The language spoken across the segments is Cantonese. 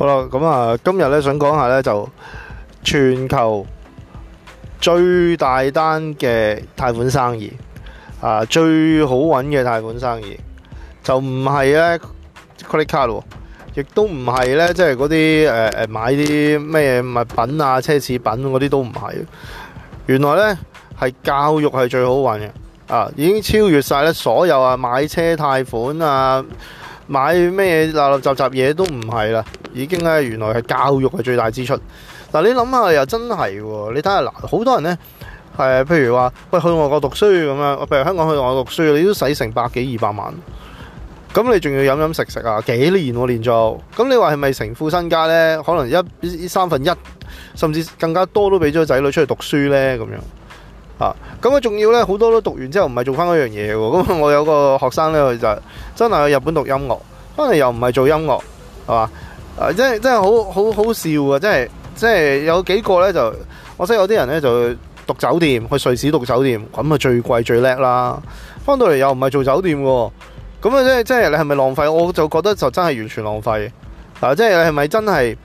好啦，咁啊，今日咧想講下咧就全球最大單嘅貸款生意啊，最好搵嘅貸款生意，就唔係咧 credit card 咯，亦都唔係咧即係嗰啲誒誒買啲咩物品啊、奢侈品嗰啲都唔係，原來咧係教育係最好搵嘅啊，已經超越晒咧所有啊買車貸款啊。買咩嘢，垃垃雜雜嘢都唔係啦，已經咧原來係教育嘅最大支出嗱。你諗下又真係喎，你睇下嗱，好多人呢，係譬如話喂去外國讀書咁樣，譬如香港去外國讀書，你都使成百幾二百萬咁，你仲要飲飲食食啊幾年啊連續咁，你話係咪成副身家呢？可能一，一三分一甚至更加多都俾咗仔女出去讀書呢。咁樣。啊，咁啊，仲要咧，好多都讀完之後唔係做翻嗰樣嘢喎。咁我有個學生咧，佢就真係去日本讀音樂，翻嚟又唔係做音樂，係嘛？啊，真係真係好好好笑啊！即係即係有幾個咧就，我識有啲人咧就讀酒店，去瑞士讀酒店，咁啊最貴最叻啦。翻到嚟又唔係做酒店喎，咁啊即係即係你係咪浪費？我就覺得就真係完全浪費。嗱，啊，即係你係咪真係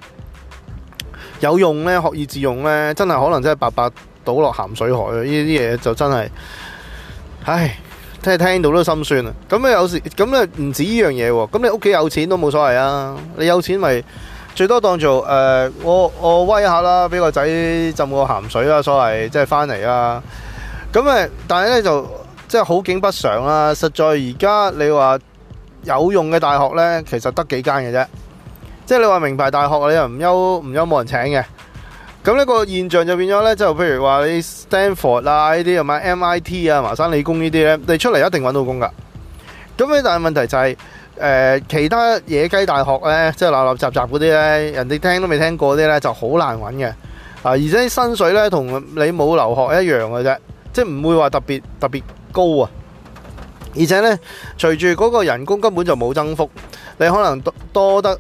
有用咧？學以致用咧，真係可能真係白白。倒落鹹水海呢啲嘢就真係，唉，真係聽到都心酸啊！咁咧有時，咁咧唔止呢樣嘢喎。咁你屋企有錢都冇所謂啊！你有錢咪最多當做誒、呃，我我威下啦，俾個仔浸個鹹水啦，所謂即係返嚟啦。咁、就、誒、是，但係呢，就即係、就是、好景不常啦。實在而家你話有用嘅大學呢，其實得幾間嘅啫。即係你話名牌大學，你又唔憂唔憂冇人請嘅。咁呢個現象就變咗咧，就譬如話你 Stanford 啦，呢啲又買 MIT 啊、麻省理工呢啲咧，你出嚟一定揾到工噶。咁咧，但係問題就係誒其他野雞大學咧，即係立立雜雜嗰啲咧，人哋聽都未聽過啲咧，就好難揾嘅。啊，而且啲薪水咧同你冇留學一樣嘅啫，即係唔會話特別特別高啊。而且咧，隨住嗰個人工根本就冇增幅，你可能多多得。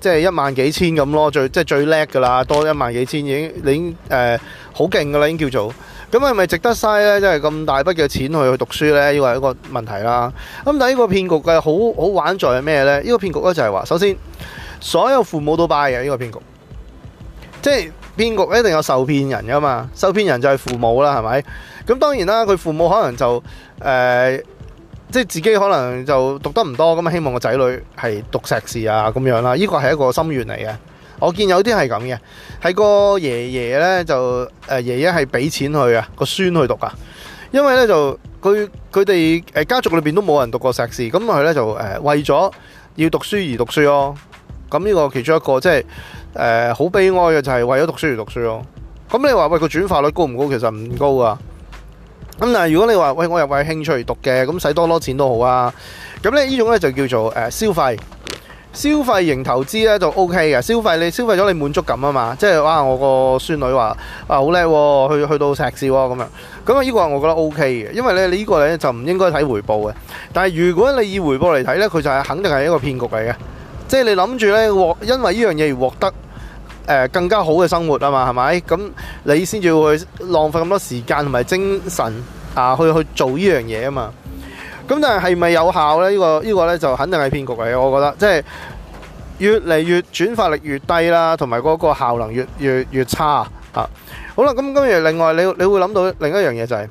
即係一萬幾千咁咯，最即係最叻噶啦，多一萬幾千已經，你誒好勁噶啦，已經叫做咁係咪值得嘥咧？即係咁大筆嘅錢去去讀書咧，呢個係一個問題啦。咁但係呢個騙局嘅好好玩在係咩咧？呢個騙局咧就係話，首先所有父母都 buy 嘅呢個騙局，即係騙局一定有受騙人噶嘛，受騙人就係父母啦，係咪？咁當然啦，佢父母可能就誒。即係自己可能就讀得唔多咁啊，希望個仔女係讀碩士啊咁樣啦，呢個係一個心願嚟嘅。我見有啲係咁嘅，係個爺爺呢，就誒爺爺係俾錢去啊個孫去讀啊。因為呢，就佢佢哋誒家族裏邊都冇人讀過碩士，咁佢呢，就誒、呃、為咗要讀書而讀書咯。咁呢個其中一個即係誒好悲哀嘅就係為咗讀書而讀書咯。咁你話喂，個轉化率高唔高？其實唔高啊。咁嗱，如果你話喂，我又為興趣讀嘅，咁使多多錢都好啊。咁咧呢種咧就叫做誒消費，消費型投資咧就 O K 嘅。消費你消費咗，你滿足感啊嘛，即係哇！我個孫女話啊好叻喎，去去到碩士咁樣。咁啊呢個我覺得 O K 嘅，因為咧呢個咧就唔應該睇回報嘅。但係如果你以回報嚟睇咧，佢就係肯定係一個騙局嚟嘅。即係你諗住咧獲，因為呢樣嘢而獲得。呃、更加好嘅生活啊嘛，係咪？咁你先至會浪費咁多時間同埋精神啊，去去做呢樣嘢啊嘛。咁但係係咪有效呢？呢、呢個呢、呢個咧就肯定係騙局嚟嘅。我覺得即係、就是、越嚟越轉發力越低啦，同埋嗰個效能越越越差啊。好啦，咁今日另外你你會諗到另一件事、就是、樣嘢就係，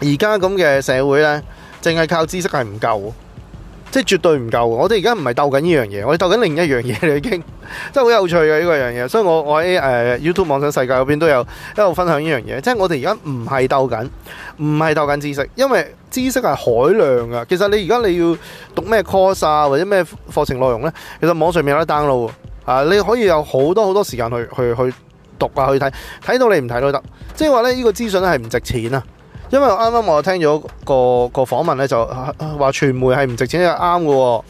而家咁嘅社會呢，淨係靠知識係唔夠。即係絕對唔夠，我哋而家唔係鬥緊呢樣嘢，我哋鬥緊另一樣嘢你已經， 真係好有趣嘅呢個樣嘢。所以我我喺 YouTube 網上世界嗰邊都有一路分享呢樣嘢，即係我哋而家唔係鬥緊，唔係鬥緊知識，因為知識係海量㗎。其實你而家你要讀咩 course 啊，或者咩課程內容呢？其實網上面有得 download，你可以有好多好多時間去去去讀啊，去睇，睇到你唔睇都得。即係話呢，呢個資訊係唔值錢啊。因為啱啱我聽咗個個訪問咧，就話傳媒係唔值錢係啱嘅，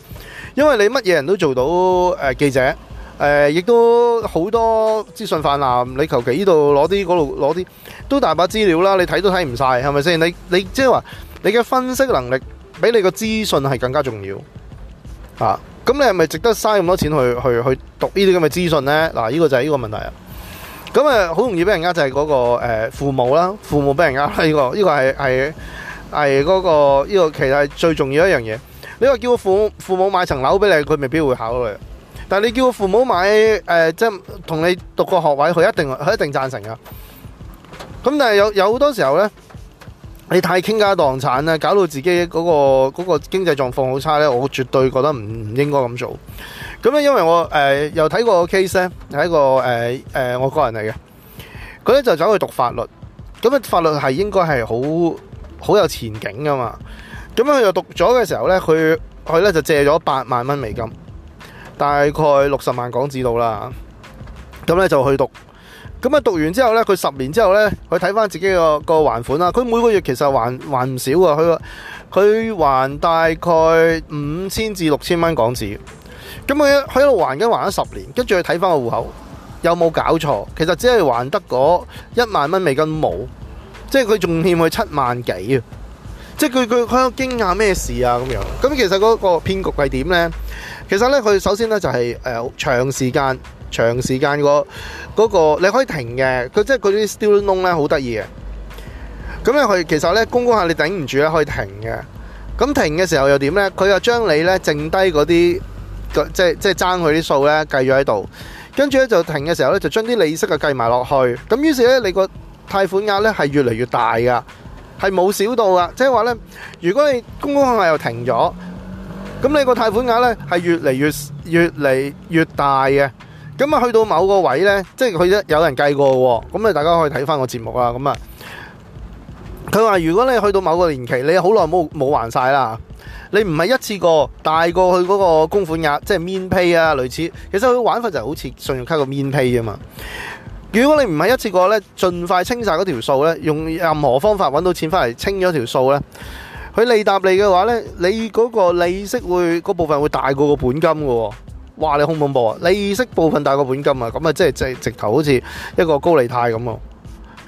因為你乜嘢人都做到誒、呃、記者，誒、呃、亦都好多資訊泛濫，你求其呢度攞啲嗰度攞啲都大把資料啦，你睇都睇唔晒係咪先？你你即係話你嘅分析能力比你個資訊係更加重要啊？咁你係咪值得嘥咁多錢去去去讀呢啲咁嘅資訊呢？嗱，呢個就係呢個問題啊！咁啊，好容易俾人就是、那個、呃就係嗰個誒父母啦，父母俾人呃啦，呢、呢個呢、呢個係係係個呢、呢個其實係最重要的一樣嘢。你話叫父母父母買層樓俾你，佢未必會考慮。但係你叫父母買誒、呃，即係同你讀個學位，佢一定佢一定贊成噶。咁但係有有好多時候呢，你太傾家蕩產咧，搞到自己嗰、嗰個、嗰個經濟狀況好差呢，我絕對覺得唔唔應該咁做。咁咧，因為我、呃、又睇過個 case 咧，係一個、呃呃、外國人嚟嘅。佢咧就走去讀法律，咁啊法律係應該係好好有前景噶嘛。咁佢又讀咗嘅時候咧，佢佢咧就借咗八萬蚊美金，大概六十萬港紙到啦。咁咧就去讀，咁啊讀完之後咧，佢十年之後咧，佢睇翻自己個、個還款啦。佢每個月其實還還唔少喎，佢佢還大概五千至六千蚊港紙。咁佢喺度還緊，還咗十年，跟住去睇翻個戶口，又有冇搞錯？其實只係還得嗰一萬蚊美金，冇，即係佢仲欠佢七萬幾啊！即係佢佢佢有驚訝咩事啊？咁樣，咁其實嗰個騙局係點呢？其實呢佢首先呢就係誒長時間，長時間，個嗰個你可以停嘅，佢即係嗰啲 student loan 咧好得意嘅。咁咧佢其實呢公公下你頂唔住咧可以停嘅。咁停嘅時候又點呢？佢又將你呢剩低嗰啲。即即係爭佢啲數咧計咗喺度，跟住咧就停嘅時候咧就將啲利息啊計埋落去，咁於是咧你個貸款額咧係越嚟越大噶，係冇少到噶，即係話咧，如果你公公又停咗，咁你個貸款額咧係越嚟越越嚟越大嘅，咁啊去到某個位咧，即係佢有人計過喎，咁啊大家可以睇翻個節目啦，咁啊。佢話：如果你去到某個年期，你好耐冇冇還晒啦，你唔係一次過大過佢嗰個供款額，即係免 pay 啊類似。其實佢玩法就好似信用卡個免 pay 啊嘛。如果你唔係一次過呢，盡快清晒嗰條數咧，用任何方法揾到錢翻嚟清咗條數呢。佢利搭利嘅話呢，你嗰個利息會嗰部分會大過個本金嘅喎。哇！你恐怖唔恐怖啊？利息部分大過本金啊，咁啊即係即係直頭好似一個高利貸咁啊！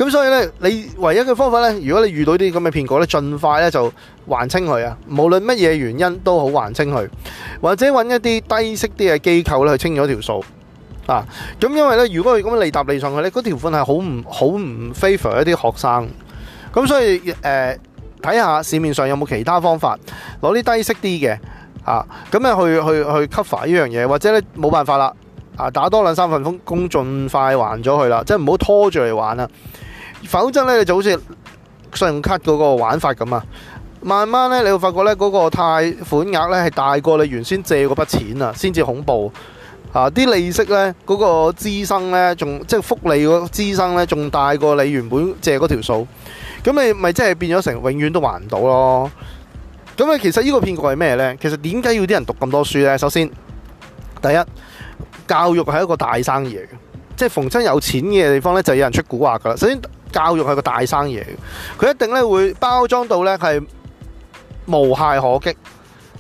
咁所以咧，你唯一嘅方法咧，如果你遇到啲咁嘅騙局咧，盡快咧就還清佢啊！無論乜嘢原因都好，還清佢，或者揾一啲低息啲嘅機構咧去清咗條數啊！咁因為咧，如果佢咁樣利搭利上去咧，嗰條款係好唔好唔 favor 一啲學生。咁所以誒，睇、呃、下市面上有冇其他方法攞啲低息啲嘅啊，咁啊去去去 cover 呢樣嘢，或者咧冇辦法啦啊，打多兩三份工，工盡快還咗佢啦，即係唔好拖住嚟玩啦！否則呢，你就好似信用卡嗰個玩法咁啊。慢慢呢，你會發覺呢嗰個貸款額呢，係大過你原先借嗰筆錢才啊，先至恐怖啊。啲利息呢，嗰個滋生呢，仲即係複利嗰滋生呢，仲大過你原本借嗰條數。咁你咪即係變咗成永遠都還唔到咯。咁你其實呢個騙局係咩呢？其實點解要啲人讀咁多書呢？首先，第一，教育係一個大生意嚟嘅，即係逢親有錢嘅地方呢，就有人出古惑㗎喇。首先教育係個大生意，佢一定咧，會包裝到咧係無懈可擊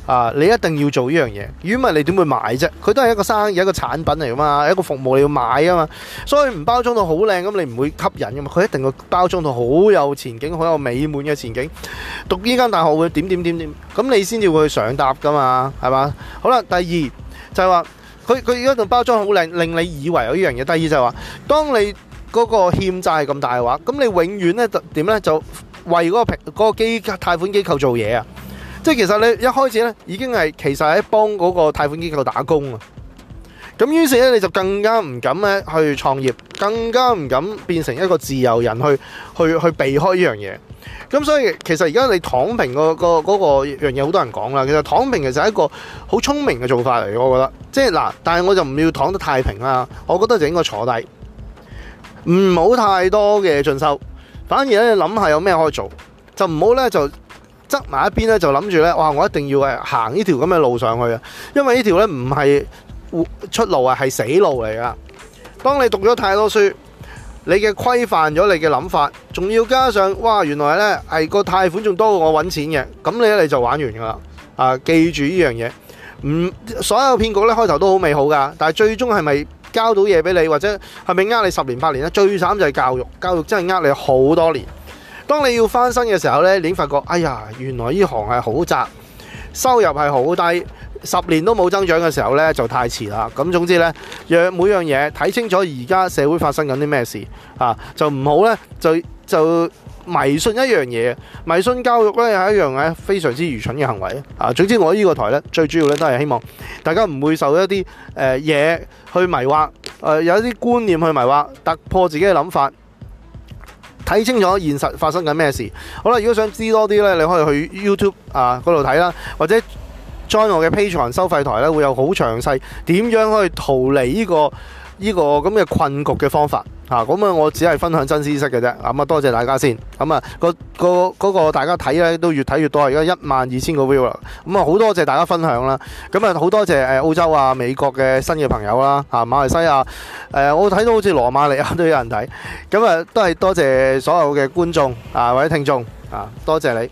啊！你一定要做呢樣嘢，如果唔係你點會買啫？佢都係一個生意，一個產品嚟噶嘛，一個服務你要買啊嘛。所以唔包裝到好靚咁，你唔會吸引噶嘛。佢一定會包裝到好有前景，好有美滿嘅前景。讀呢間大學會點點點點，咁你先至會去上搭噶嘛，係嘛？好啦，第二就係話佢佢而家仲包裝好靚，令你以為有呢樣嘢。第二就係話，當你嗰個欠債咁大嘅話，咁你永遠咧點咧就為嗰個平嗰個機貸款機構做嘢啊！即係其實你一開始咧已經係其實喺幫嗰個貸款機構打工啊！咁於是咧你就更加唔敢咧去創業，更加唔敢變成一個自由人去去去避開呢樣嘢。咁所以其實而家你躺平個個嗰個樣嘢好多人講啦。其實躺平其實係一個好聰明嘅做法嚟，我覺得。即係嗱，但係我就唔要躺得太平啦。我覺得就應該坐低。唔好太多嘅進修，反而咧你諗下有咩可以做，就唔好咧就側埋一邊咧，就諗住咧哇我一定要係行呢條咁嘅路上去啊，因為呢條咧唔係出路啊，係死路嚟噶。當你讀咗太多書，你嘅規範咗你嘅諗法，仲要加上哇原來咧係個貸款仲多過我揾錢嘅，咁你咧你就玩完噶啦啊！記住呢樣嘢，唔所有騙局咧開頭都好美好噶，但係最終係咪？交到嘢俾你，或者係咪呃你十年八年咧？最慘就係教育，教育真係呃你好多年。當你要翻身嘅時候呢，你已經發覺，哎呀，原來呢行係好窄，收入係好低，十年都冇增長嘅時候呢，就太遲啦。咁總之呢，若每樣嘢睇清楚，而家社會發生緊啲咩事啊，就唔好呢。就就。迷信一樣嘢，迷信教育呢係一樣咧非常之愚蠢嘅行為。啊，總之我呢個台咧，最主要咧都係希望大家唔會受一啲誒嘢去迷惑，誒、呃、有啲觀念去迷惑，突破自己嘅諗法，睇清楚現實發生緊咩事。好啦，如果想知多啲呢，你可以去 YouTube 啊度睇啦，或者 join 我嘅 Patreon 收費台呢，會有好詳細點樣可以逃離呢、呢個呢、呢個咁嘅困局嘅方法。啊，咁啊，我只係分享真知識嘅啫，咁啊，多謝大家先。咁啊，嗰、嗰個大家睇咧，都越睇越多，而家一萬二千個 view 啦。咁啊，好多謝大家分享啦。咁啊，好多謝誒澳洲啊、美國嘅新嘅朋友啦、啊，啊馬來西亞，啊、我睇到好似羅馬尼亞都有人睇。咁啊，都係多謝所有嘅觀眾啊或者聽眾啊，多謝你。